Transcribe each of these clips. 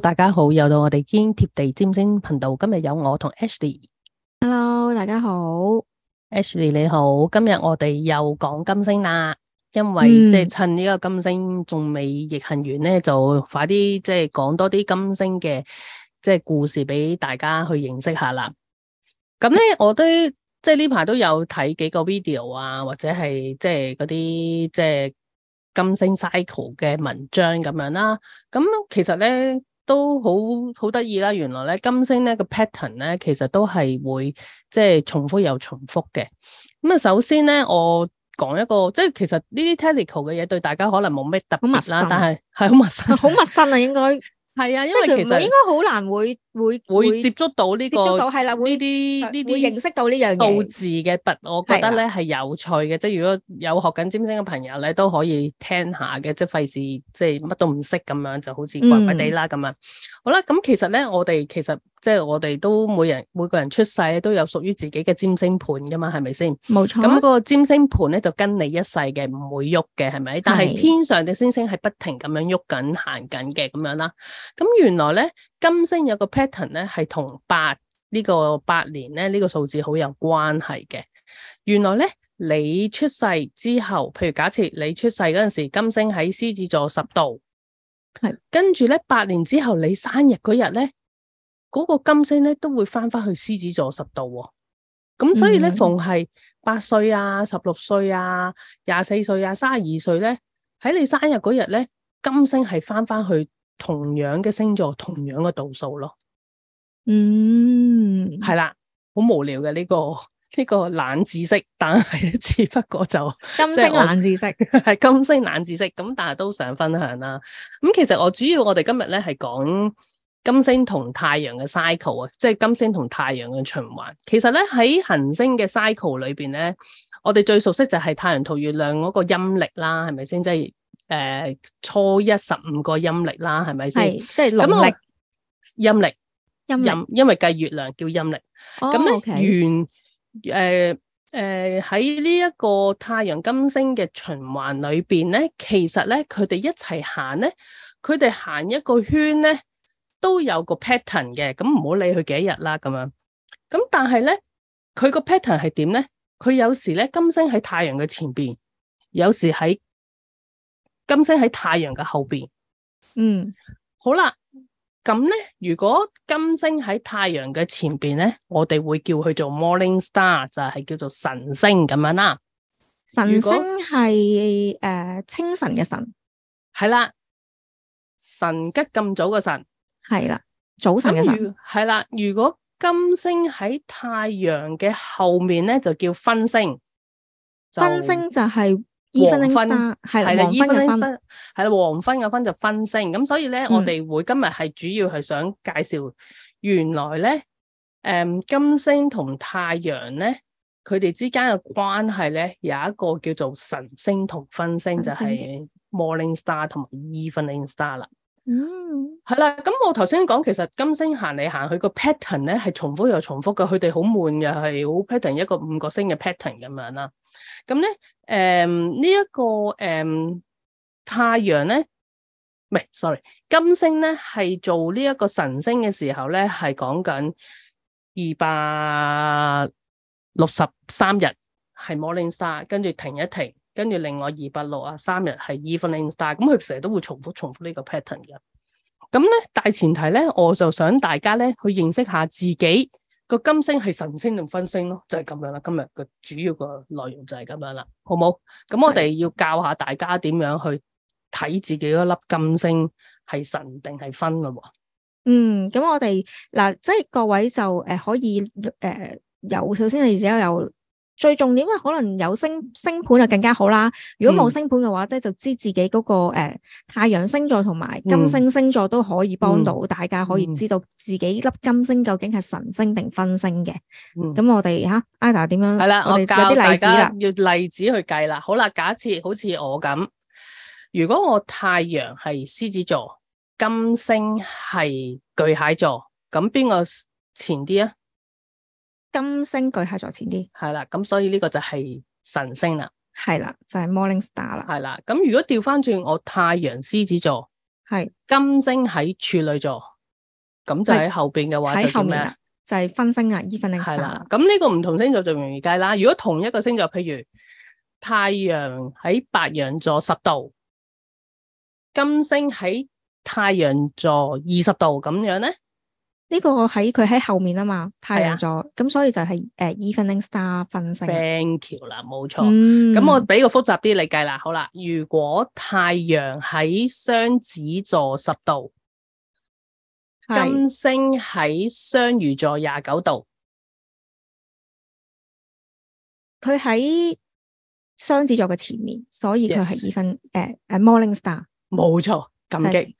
大家好，又到我哋堅貼地占星頻道。今日有我同 Ashley。Hello，大家好，Ashley 你好。今日我哋又講金星啦，因為即係趁呢個金星仲未逆行完咧，嗯、就快啲即係講多啲金星嘅即係故事俾大家去認識下啦。咁咧，我都即係呢排都有睇幾個 video 啊，或者係即係嗰啲即係金星 cycle 嘅文章咁樣啦，啊。咁其實咧。都好好得意啦！原來咧，金星咧，個 pattern 咧，其實都係會即係重複又重複嘅。咁啊，首先咧我講一個，即係其實呢啲 technical 嘅嘢對大家可能冇咩特別啦，但係係好陌生，好陌生啊應該。係啊，因為其實應該好難會會會接觸到呢、這個，係啦會，呢啲呢啲認識到呢樣數字嘅筆，我覺得咧係、啊、有趣嘅。即係如果有學緊占星嘅朋友咧，都可以聽下嘅，即係費事即係乜都唔識咁樣，就好似怪怪哋啦咁樣。嗯、好啦，咁、嗯、其實咧，我哋其實。即係我哋都每人每個人出世都有屬於自己嘅占星盤噶嘛，係咪先？冇錯啊。咁個占星盤咧就跟你一世嘅，唔會喐嘅，係咪？是但係天上嘅星星係不停咁樣喐緊行緊嘅咁樣啦。咁原來咧金星有個 pattern 咧，係同八呢8個八年咧呢、呢個數字好有關係嘅。原來咧你出世之後，譬如假設你出世嗰陣時金星喺獅子座十度，係是跟住咧八年之後你生日嗰日咧。嗰個金星咧都會翻翻去獅子座十度喎。哦，咁所以咧，嗯、逢係八歲啊、十六歲啊、廿四歲、啊、卅二歲咧，喺你生日嗰日咧，金星係翻翻去同樣嘅星座、同樣嘅度數咯。嗯，係啦，好無聊嘅呢、這個呢、這個冷知識，但係只不過就金星冷知識係金星冷知識，咁但係都想分享啦。咁其實我主要我哋今日咧係講。金星同太陽嘅 cycle 啊，即係金星同太陽嘅循環。其實咧，喺行星嘅 cycle 裏邊咧，我哋最熟悉就係太陽同月亮嗰個陰曆啦，係咪先？即係誒初一十五個陰曆啦，係咪先？係即係農曆陰曆陰，因為計月亮叫陰曆。咁咧，原誒誒喺呢一個太陽金星嘅循環裏邊咧，其實咧佢哋一齊行咧，佢哋行一個圈咧。都有個 pattern 嘅，咁唔好理佢幾多日啦咁樣。咁但係咧，佢個 pattern 係點咧？佢有時咧金星喺太陽嘅前邊，有時喺金星喺太陽嘅後邊。嗯，好啦，咁咧，如果金星喺太陽嘅前邊咧，我哋會叫佢做 morning star，就係叫做晨星咁樣啦。晨星係誒清晨嘅晨，係啦，晨吉咁早嘅晨。係啦，早晨嘅晨係啦。如果金星喺太陽嘅後面咧，就叫分星。分，分星就係黃昏，係啦，黃昏分係啦，黃昏嘅分就分星。咁所以咧，我哋會今日係主要係想介紹，原來咧，誒、嗯嗯，金星同太陽咧，佢哋之間嘅關係咧，有一個叫做晨星同分星，星就係 Morning Star 同埋 Evening Star 啦。嗯，係啦，咁我頭先講，其實金星行嚟行去個 pattern 咧係重複又重複噶，佢哋好悶嘅，係好 pattern 一個五角星嘅 pattern 咁樣啦。咁咧，誒呢一個誒太陽咧，唔係，sorry，金星咧係做呢一個晨星嘅時候咧，係講緊二百六十三日係 morning star，跟住停一停。跟住另外二百六啊，三日係 Evening Star，咁，佢成日都會重複重複個呢個 pattern 嘅。咁咧大前提咧，我就想大家咧去認識下自己個金星係晨星定昏星咯，就係、是、咁樣啦。今日個主要個內容就係咁樣啦，好冇？咁我哋要教下大家點樣去睇自己嗰粒金星係晨定係昏咯。嗯，咁我哋嗱，即係各位就誒、呃、可以誒由、呃、首先你只有由。最重點，因可能有星星盤就更加好啦。如果冇星盤嘅話咧，嗯、就知自己嗰、那個誒、呃、太陽星座同埋金星星座都可以幫到、嗯、大家，可以知道自己粒金星究竟係晨星定昏星嘅。咁、嗯、我哋吓，Ada 點樣？係啦，了我，有我教啲例子啦，要例子去計啦。好啦，假設好似我咁，如果我太陽係獅子座，金星係巨蟹座，咁邊個前啲啊？金星巨蟹座前啲，係啦，咁所以呢個就係晨星啦，係啦，就係 Morning Star 啦，係啦。咁如果調翻轉我太陽獅子座，係金星喺處女座，咁就喺後邊嘅話，就咩啊？就係昏星啊，Evening Star，係啦，咁呢個唔同星座就容易計啦。如果同一個星座，譬如太陽喺白羊座十度，金星喺太陽座二十度，咁樣咧？呢個喺佢喺後面啊嘛，太陽座，咁、啊、所以就係、是、誒、uh, evening star 昏星。Thank you 啦，冇錯。咁、嗯、我俾個複雜啲你計啦，好啦，如果太陽喺雙子座十度，是金星喺雙魚座廿九度，佢喺雙子座嘅前面，所以佢係 even 誒 morning star。冇錯，感激。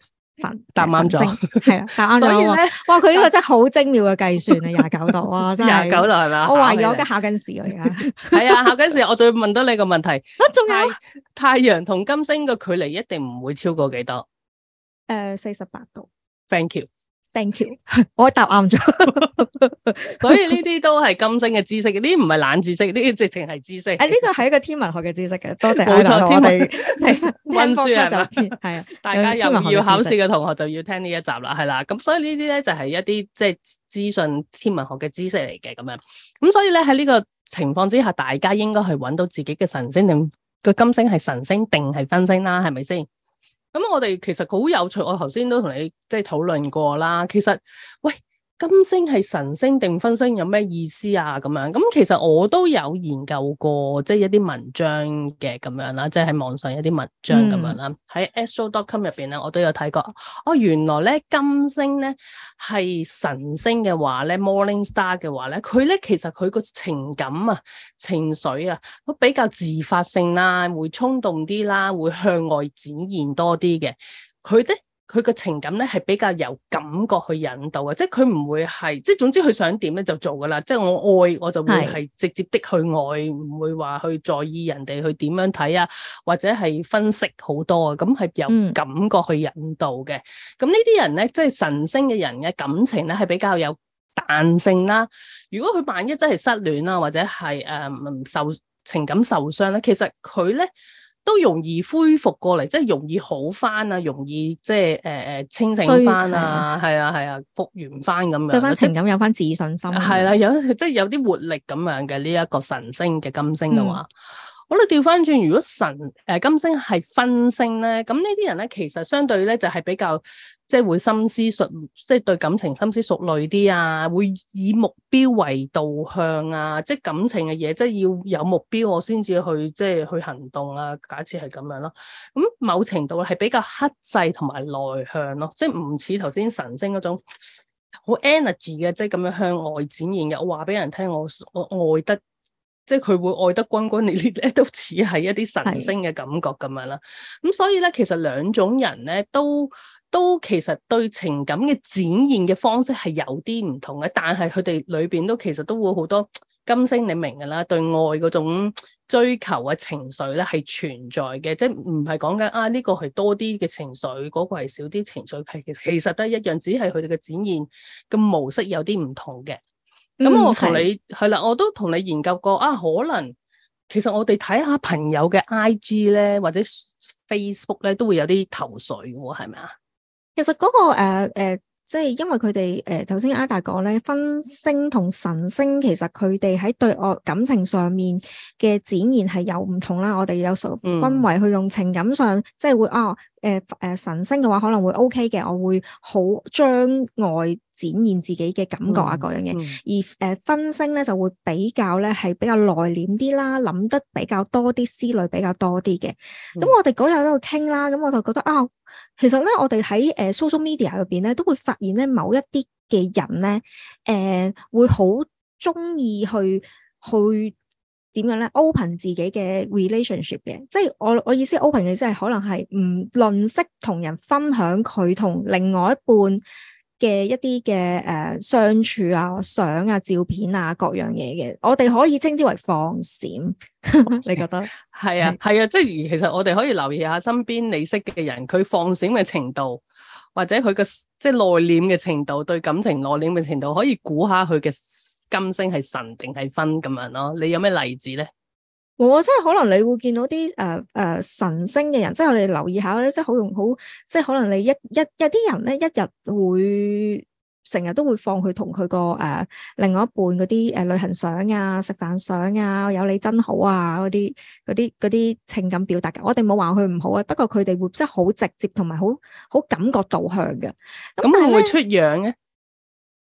答啱咗，係啦， 答啱 所以咧呢， 哇，佢呢個真係好精妙嘅計算啊，廿九度，啊，真係廿九度係咪啊？我懷疑我家考緊試啊，而家係啊，考緊試，我再問多你個問題。 啊，仲有太陽同金星嘅距離一定唔會超過幾多？誒、呃，四十八度。Thank you。thank you，我答啱咗， 所以呢啲都係金星嘅知識，呢啲唔係冷知識，呢啲直情係知識。誒、 啊，呢個係一個天文學嘅知識嘅，多謝冇錯，天文溫書啊，係啊，大家又要考試嘅同學就要聽呢一集啦，係啦，咁所以呢啲咧就係一啲即係資訊天文學嘅知識嚟嘅咁樣，咁所以咧喺呢個情況之下，大家應該去搵到自己嘅晨星定個金星係晨星定係昏星啦，係咪先？咁，嗯，我哋其實好有趣，我頭先都同你即係討論過啦。其實，喂。金星係晨星定昏星有咩意思啊？咁樣，咁，其實我都有研究過，即係一啲文章嘅咁樣啦，即係喺網上一啲文章咁樣啦。喺 astro.com 入邊咧，我都有睇過。哦，原來咧金星咧係晨星嘅話咧，Morning Star 嘅話咧，佢咧其實佢個情感啊、情緒啊都比較自發性啦、啊，會衝動啲啦、啊，會向外展現多啲嘅。佢咧。佢個情感咧係比較由感覺去引導嘅，即係佢唔會係即係總之佢想點咧就做㗎喇。即係我愛我就會係直接的去愛，唔的會話去在意人哋去點樣睇啊，或者係分析好多呀。咁係由感覺去引導嘅。咁、嗯、呢啲人咧，即係晨星嘅人嘅感情咧係比較有彈性啦。如果佢萬一真係失戀啊，或者係唔、呃、受情感受傷咧，其實佢咧。都容易恢復過嚟，即係容易好翻啊！容易即係誒誒清醒翻的啊！係啊係啊，復原翻咁的樣，對翻情感，有翻自信心。係啦、啊，有即係有啲活力咁樣嘅呢一個晨星嘅金星嘅話。嗯我哋掉返轉，如果晨誒金、呃、星係昏星咧，咁呢啲人咧其實相對咧就係、是、比較即係、就是、會深思熟，即、就、係、是、對感情深思熟慮啲啊，會以目標為導向啊，即、就、係、是、感情嘅嘢，即、就、係、是、要有目標我先至去即係、就是、去行動啊。假設係咁樣咯、啊，咁某程度係比較克制同埋內向咯、啊，即係唔似頭先晨星嗰種好 energy 嘅，即係咁樣向外展現嘅。我話俾人聽，我我愛得。即係佢會愛得轟轟烈烈咧，都似係一啲晨星嘅感覺咁樣啦。咁的所以咧，其實兩種人咧都都其實對情感嘅展現嘅方式係有啲唔同嘅，但係佢哋裏邊都其實都會好多金星，你明噶啦，對愛嗰種追求嘅情緒咧係存在嘅，即係唔係講緊啊呢、這個係多啲嘅情緒，嗰、這個係少啲情緒，係其實都一樣，只係佢哋嘅展現嘅模式有啲唔同嘅。咁我同你係啦的，我都同你研究過啊，可能其實我哋睇下朋友嘅 I G 咧，或者 Facebook 咧，都會有啲頭水喎，係咪啊？其實嗰個誒誒即係因為佢哋誒頭先 Ada 講咧，昏星同晨星其實佢哋喺對我感情上面嘅展現係有唔同啦。我哋有數分為去用情感上，嗯、即係會啊。哦誒誒、呃呃，晨星嘅話可能會 OK 嘅，我會好將外展現自己嘅感覺啊，嗰、嗯嗯、樣嘢。而誒、呃、昏星咧就會比較咧係比較內斂啲啦，諗得比較多啲，思慮比較多啲嘅。咁、嗯、我哋嗰日喺度傾啦，咁我就覺得啊、哦，其實咧我哋喺誒 social media 入邊咧都會發現咧某一啲嘅人咧，誒、呃、會好中意去去。去點樣咧？open 自己嘅 relationship 嘅，即係我我意思 open 嘅，即係可能係唔論識同人分享佢同另外一半嘅一啲嘅誒相處啊、相啊、照片啊、各樣嘢嘅，我哋可以稱之為放閃。放閃 你覺得？係啊，係啊的，即係其實我哋可以留意下身邊你識嘅人，佢放閃嘅程度，或者佢嘅即係內斂嘅程度，對感情內斂嘅程度，可以估下佢嘅。金星係晨定係昏咁樣咯？你有咩例子咧？我即係可能你會見到啲誒誒晨星嘅人，即係我哋留意下咧，即係好用好，即係可能你一一有啲人咧，一日會成日都會放佢同佢個誒另外一半嗰啲誒旅行相啊、食飯相啊、有你真好啊嗰啲嗰啲嗰啲情感表達嘅。我哋冇話佢唔好啊，不過佢哋會即係好直接同埋好好感覺導向嘅。咁會唔會出樣咧？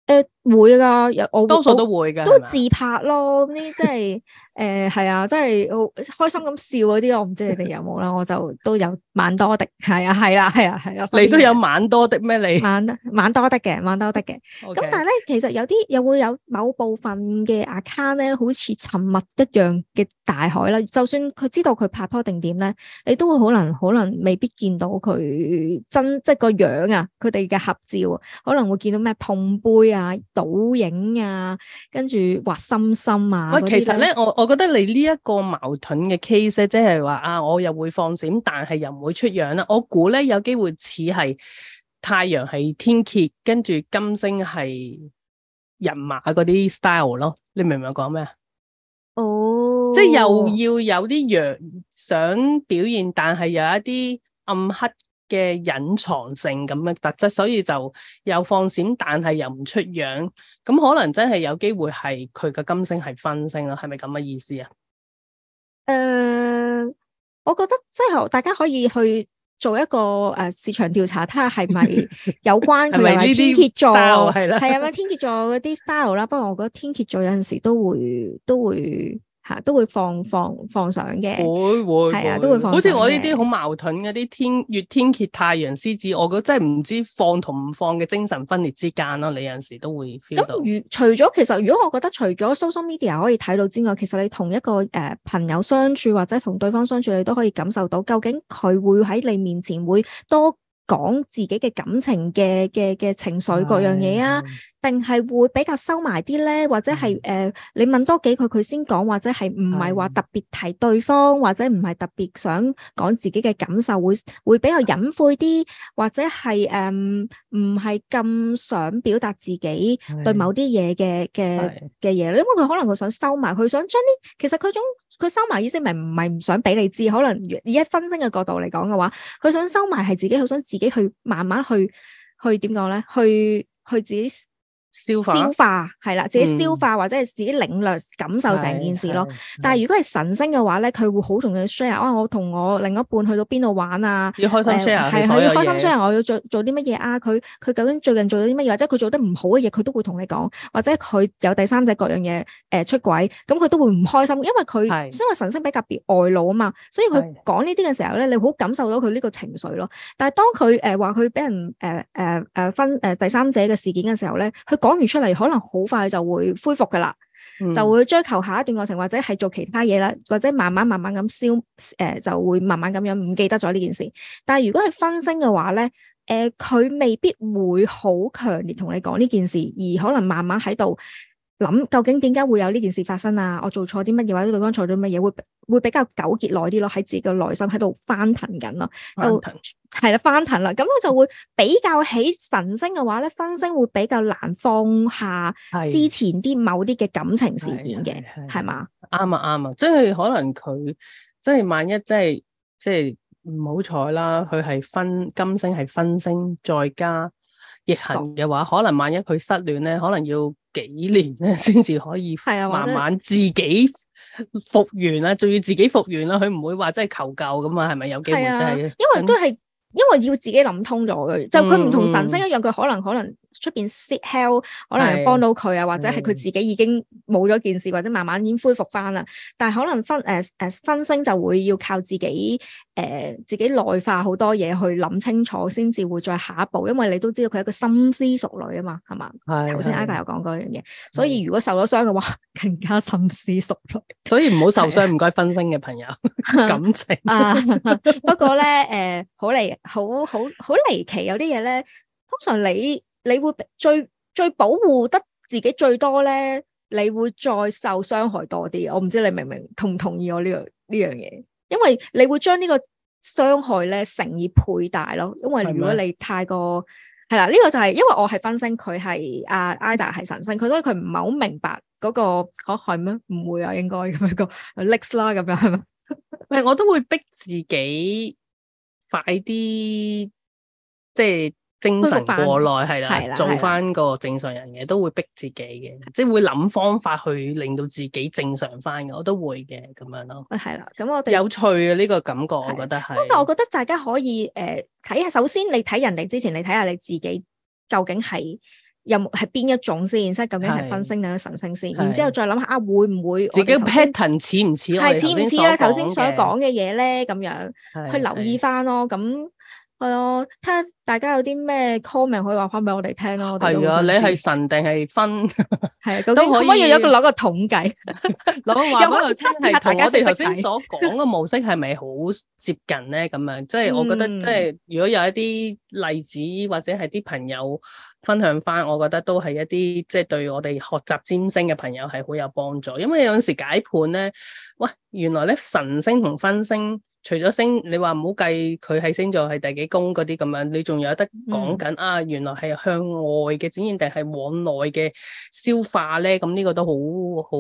誒。會噶，有多數都會噶，都自拍咯。呢啲即係誒，係、呃、啊，即係好開心咁笑嗰啲，我唔知你哋有冇啦。我就都有晚多的，係啊，係啊，係啊，係啊。你都有晚多的咩？你晚晚多的嘅，晚多的嘅。咁 Okay. 但係咧，其實有啲又會有某部分嘅 account 咧，好似沉默一樣嘅大海啦。就算佢知道佢拍拖定點咧，你都會可能可能未必見到佢真即個樣啊。佢哋嘅合照可能會見到咩碰杯啊？倒影啊，跟住畫深深啊。喂，其實咧，我我覺得你呢一個矛盾嘅 case 咧，即係話啊，我又會放閃，但係又唔會出樣啦。我估咧，有機會似係太陽係天蠍，跟住金星係人馬嗰啲 style 咯。你明唔明我講咩啊？哦，即係又要有啲陽想表現，但係有一啲暗黑嘅隱藏性咁嘅特質，所以就又放閃，但係又唔出樣，咁可能真係有機會係佢嘅金星係昏星啦，係咪咁嘅意思啊？誒、呃，我覺得即係大家可以去做一個誒、呃、市場調查，睇下係咪有關佢 天蠍座，係啦， 係啊，天蠍座嗰啲 style 啦，不過我覺得天蠍座有陣時都會都會。都會吓都會放放放相嘅，會會係啊，都會放。好似我呢啲好矛盾嘅啲天月天蠍太陽獅子，我覺得真係唔知放同唔放嘅精神分裂之間咯。你有陣時都會 feel 到。咁如除咗其實如果我覺得除咗 social media 可以睇到之外，其實你同一個誒、呃、朋友相處或者同對方相處，你都可以感受到究竟佢會喺你面前會多。講自己嘅感情嘅嘅嘅情緒各樣嘢啊，定係的會比較收埋啲咧，或者係誒的、呃、你問多幾句佢先講，或者係唔係話特別提對方，的或者唔係特別想講自己嘅感受，會會比較隱晦啲，或者係誒唔唔係咁想表達自己對某啲嘢嘅嘅嘅嘢，因為佢可能佢想收埋，佢想將啲其實佢種。佢收埋意思，咪唔係唔想俾你知？可能以一分析嘅角度嚟講嘅話，佢想收埋係自己，好想自己去慢慢去，去點講咧？去去自己。消化，消化，係啦，自己消化、嗯、或者係自己領略感受成件事咯。但係如果係晨星嘅話咧，佢會好鍾意 share。哦，我同我另一半去到邊度玩啊要、呃，要開心 share，係要開心 share。我要做做啲乜嘢啊？佢佢究竟最近做咗啲乜嘢？或者佢做得唔好嘅嘢，佢都會同你講。或者佢有第三者各樣嘢誒、呃、出軌，咁佢都會唔開心，因為佢是因，因為晨星比較別外露啊嘛，所以佢講呢啲嘅時候咧，你好感受到佢呢個情緒咯。但係當佢誒話佢俾人誒誒誒分誒、呃、第三者嘅事件嘅時候咧，佢。講完出嚟可能好快就會恢復噶啦，嗯、就會追求下一段愛情或者係做其他嘢啦，或者慢慢慢慢咁消誒、呃，就會慢慢咁樣唔記得咗呢件事。但係如果係昏星嘅話咧，誒、呃、佢未必會好強烈同你講呢件事，而可能慢慢喺度。諗究竟點解會有呢件事發生啊？我做錯啲乜嘢或者對方錯咗乜嘢，會會比較糾結耐啲咯。喺自己嘅內心喺度翻騰緊咯，騰就係啦，翻騰啦。咁我就會比較起晨星嘅話咧，昏星會比較難放下之前啲某啲嘅感情事件嘅，係嘛的？啱吧啊啱啊，即係可能佢即係萬一、就是、即係即係唔好彩啦，佢係昏金星係昏星再加。逆行嘅話，可能萬一佢失戀咧，可能要幾年咧，先至可以慢慢自己復原啦，仲、啊、要自己復原啦，佢唔會話真係求救咁嘛，係咪有機會、即係？係啊，因為都係，因為要自己諗通咗嘅，就佢唔同神仙一樣，佢可能可能。可能出邊 sit h e l l 可能幫到佢啊，或者係佢自己已經冇咗件事，嗯、或者慢慢已經恢復翻啦。但係可能昏誒誒、呃、昏星就會要靠自己誒、呃、自己內化好多嘢去諗清楚，先至會再下一步。因為你都知道佢一個深思熟慮啊嘛，係嘛？係頭先阿大有講嗰樣嘢，對對對，所以如果受咗傷嘅話，更加深思熟慮。所以唔好受傷，唔該昏星嘅朋友。感情不過咧誒，好離好好好離奇，有啲嘢咧，通常你。你會最最保護得自己最多咧，你會再受傷害多啲。我唔知你明唔明同唔同意我呢個呢樣嘢？因為你會將呢個傷害咧乘以倍大咯。因為如果你太過係啦，呢個就係因為我係分身，佢係阿 Ida 係神神，佢所以佢唔係好明白嗰個可係咩？唔會啊，應該咁樣講 Alex 啦，咁樣係嘛？係，我都會逼自己快啲，即係。精神過來係啦，做翻個正常人嘅都會逼自己嘅，即係會諗方法去令到自己正常翻嘅，我都會嘅咁樣咯。係啦，咁我哋有趣嘅呢個感覺，我覺得係。咁就我覺得大家可以誒睇下，首先你睇人哋之前，你睇下你自己究竟係有冇係邊一種先，即係究竟係晨星定昏星先。然之後再諗下啊，會唔會自己 pattern 似唔似我係似唔似咧頭先所講嘅嘢咧？咁樣去留意翻咯，咁。係啊，睇下、嗯、大家有啲咩 comment 可以話翻俾我哋聽咯。係啊的，你係晨定係昏？係 都可，可以。唔可以有一個攞 個統計？嗱， 我話翻頭先係同我哋頭先所講嘅模式係咪好接近咧？咁樣即係我覺得，即、就、係、是、如果有一啲例子或者係啲朋友分享翻，我覺得都係一啲即係對我哋學習占星嘅朋友係好有幫助。因為有陣時解判咧，喂，原來咧晨星同昏星。除咗星，你話唔好計佢喺星座係第幾宮嗰啲咁樣，你仲有得講緊啊？原來係向外嘅展現，定係往內嘅消化咧？咁呢個都好好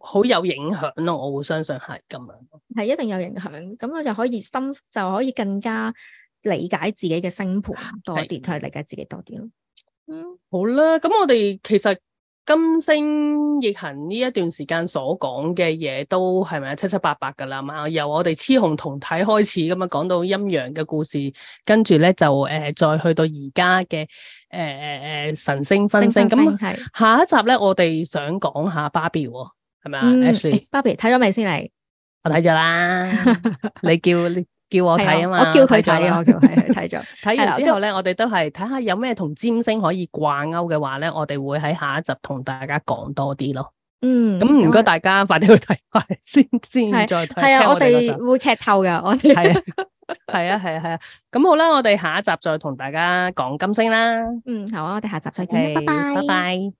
好有影響咯，的我會相信係咁樣。係一定有影響，咁我就可以深，就可以更加理解自己嘅星盤多啲，同埋的理解自己多啲咯。嗯，好啦，咁我哋其實。金星逆行呢一段時間所講嘅嘢都係咪啊七七八八噶啦嘛，由我哋雌雄同體開始咁啊，講到陰陽嘅故事，跟住咧就誒、呃、再去到而家嘅誒誒誒晨星昏星咁。那是下一集咧，我哋想講下芭比，係咪啊？芭比睇咗未先嚟？Barbie, 我睇咗啦 你，你叫你叫我睇啊嘛，我叫佢睇啊。 睇完之後咧，yeah, okay. 我哋都係睇下有咩同占星可以掛鈎嘅話咧，我哋會喺下一集同大家講多啲咯。嗯，咁唔該大家為快啲去睇，先先再睇。係是聽 啊，我哋會劇透噶，我哋係 啊，係啊，係啊。咁、啊啊、好啦，我哋下一集再同大家講金星啦。嗯，好啊，我哋下集再見，okay, 拜拜。拜拜